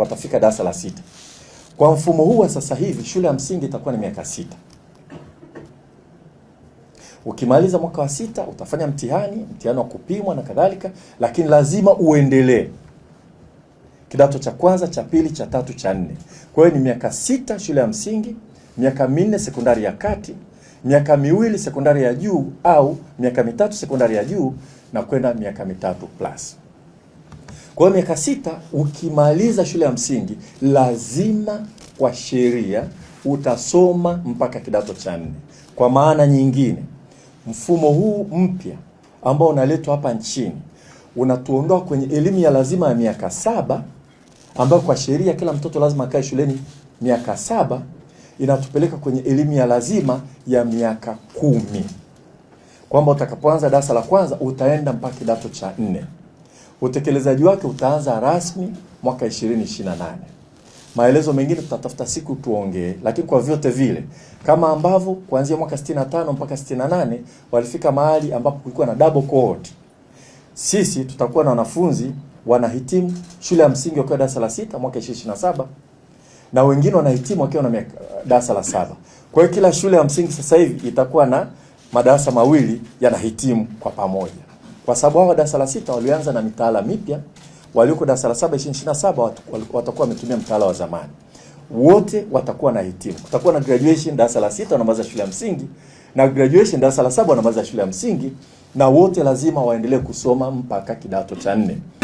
watafika darasa la sita. Kwa mfumo huu wa sasa hivi shule ya msingi itakuwa ni miaka sita. Ukimaliza mwaka wa sita utafanya mtihani, mtihani wa kupimwa na kadhalika, lakini lazima uendelee kidato cha kwanza, cha pili, cha tatu, cha nne. Kwa hiyo ni miaka sita shule ya msingi, miaka minne sekondari ya kati, miaka miwili sekondari ya juu, au miaka mitatu sekondari ya juu na kwenda miaka mitatu plus. Kwa miaka sita ukimaliza shule ya msingi lazima kwa sheria utasoma mpaka kidato cha nne. Kwa maana nyingine, mfumo huu mpya ambao unaletwa hapa nchini unatuondoa kwenye elimu ya lazima ya miaka saba ambayo kwa sheria kila mtoto lazima akae shuleni miaka saba, inatupeleka kwenye elimu ya lazima ya miaka kumi, kwamba utakapoanza darasa la kwanza utaenda mpaka kidato cha nne. Utekelezaji wake utaanza rasmi mwaka 2028. Maelezo mengine tutatafuta siku tuongee, lakini kwa vyote vile kama ambavyo kuanzia mwaka 65 mpaka 68 walifika mahali ambapo kulikuwa na double cohort, sisi tutakuwa na wanafunzi wanahitimu shule ya msingi wakiwa darasa la sita mwaka 27 na wengine wanahitimu wakiwa na darasa la saba. Kwa hiyo kila shule ya msingi sasa hivi itakuwa na madarasa mawili yanahitimu kwa pamoja kwa sababu hao darasa la sita walianza na mitaala mipya, walioko darasa la saba 2027 watakuwa wametumia mtaala wa zamani. Wote watakuwa na hitimu, kutakuwa na graduation darasa la sita wanamaliza shule ya msingi na graduation darasa la saba wanamaliza shule ya msingi, na wote lazima waendelee kusoma mpaka kidato cha nne.